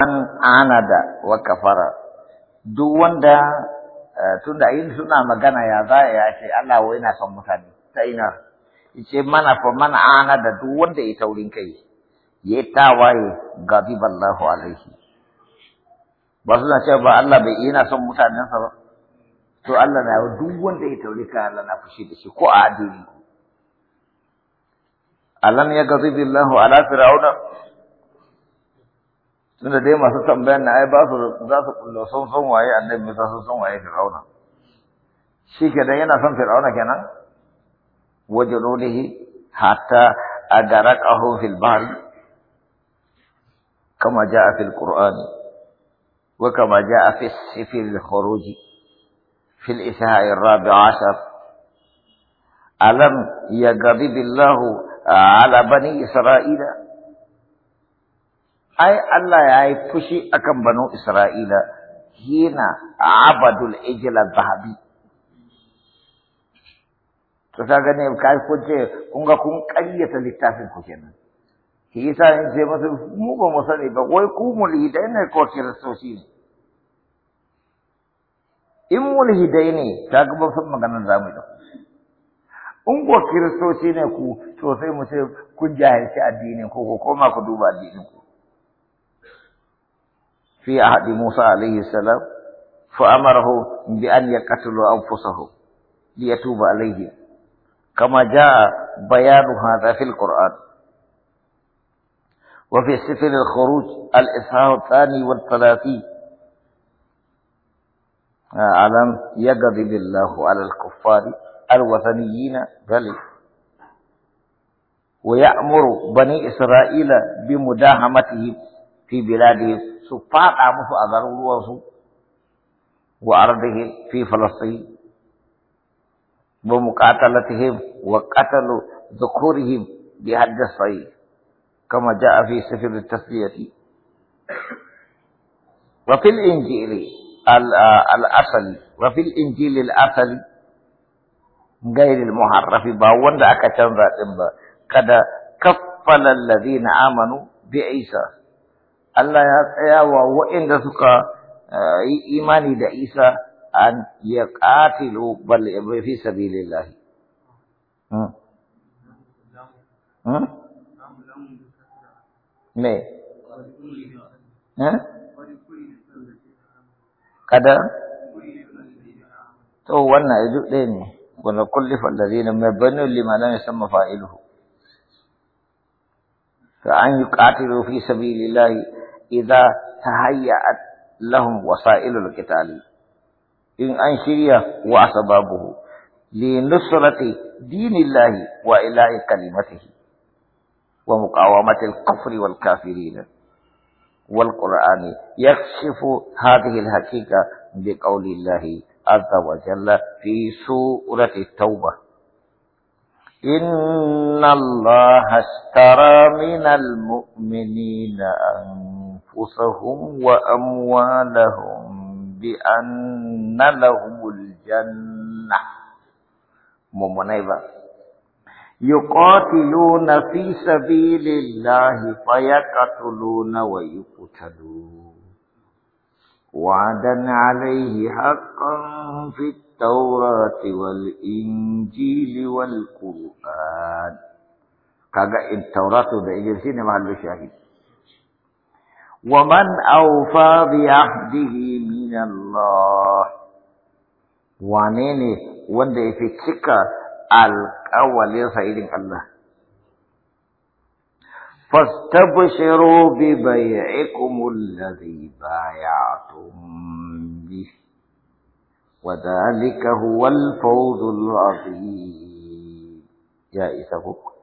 an anada wa kafara duk wanda eh, tunda yin suna magana ya za ya ce Allah wai yana son mutane ta ina ce mana fa mana anada duk wanda ya taurin kai ya tawaye gadiballahu alaihi ba suna ce ba Allah bai yana son sa ba to Allah na duk wanda ya taurin kai Allah na fushi da shi ko a addini alam ya gazibillahu ala fir'auna tunda dai masu tambayan na ai ba su za su kullo sun san waye annabi Musa sun san waye Fir'auna shi ke kenan yana son Fir'auna kenan wajurulihi hatta adarakahu fil bahr kama jaa fil Qur'an wa kama jaa fi sifil khuruj fil isha'i rabi ashar alam yaghadibillahu ala bani isra'ila ai Allah ya yi fushi akan banu Isra'ila hina abadul ijla zahabi to ta gane kai ko ce kun ga kun ƙaryata littafin ku kenan Ki yi in ce masu mu ba mu sani ba wai ku mulhidai ne ko kiristoci ne in mulhidai ne ta ga ba san maganar zamu da in ko kiristoci ne ku to sai mu ce kun jahilci addinin ku ko koma ku duba addinin ku في عهد موسى عليه السلام فأمره بأن يقتلوا أنفسهم ليتوب عليهم كما جاء بيان هذا في القرآن وفي سفر الخروج الإصحاح الثاني والثلاثين أعلم يغضب الله على الكفار الوثنيين بل ويأمر بني إسرائيل بمداهمتهم في بلادهم su faɗa musu a garuruwansu wa ardihim fi falastin wa muqatalatihim wa qatalu dhukurihim bi hadd sahih kama jaa fi sifr at-tasliyati wa fil injili al-asali wa fil injili al-asali غير المحرف باوند اكا تنزا دين با كذا كفل الذين امنوا بعيسى Allah ya tsaya wa waɗanda suka yi imani da Isa an ya ƙatilo bal fi sabilillah. Me? Kada? To wannan ya duk ɗaya ne, wanda kulli fallazi ne mai banin limanin musamman fa'iluhu. Ka an yi ƙatilo fi sabilillahi إذا تهيأت لهم وسائل القتال إن أن شريا وأسبابه لنصرة دين الله وإلاء كلمته ومقاومة الكفر والكافرين والقرآن يكشف هذه الحقيقة بقول الله عز وجل في سورة التوبة إن الله اشترى من المؤمنين أن أنفسهم وأموالهم بأن لهم الجنة مؤمنين يقاتلون في سبيل الله فيقتلون ويقتلون وعدا عليه حقا في التوراة والإنجيل والقرآن كذا التوراة والإنجيل سينما الشاهد ومن أوفى بعهده من الله وانيني وند في تكا الأول يسعيدك الله فاستبشروا ببيعكم الذي بايعتم به وذلك هو الفوز العظيم جائزه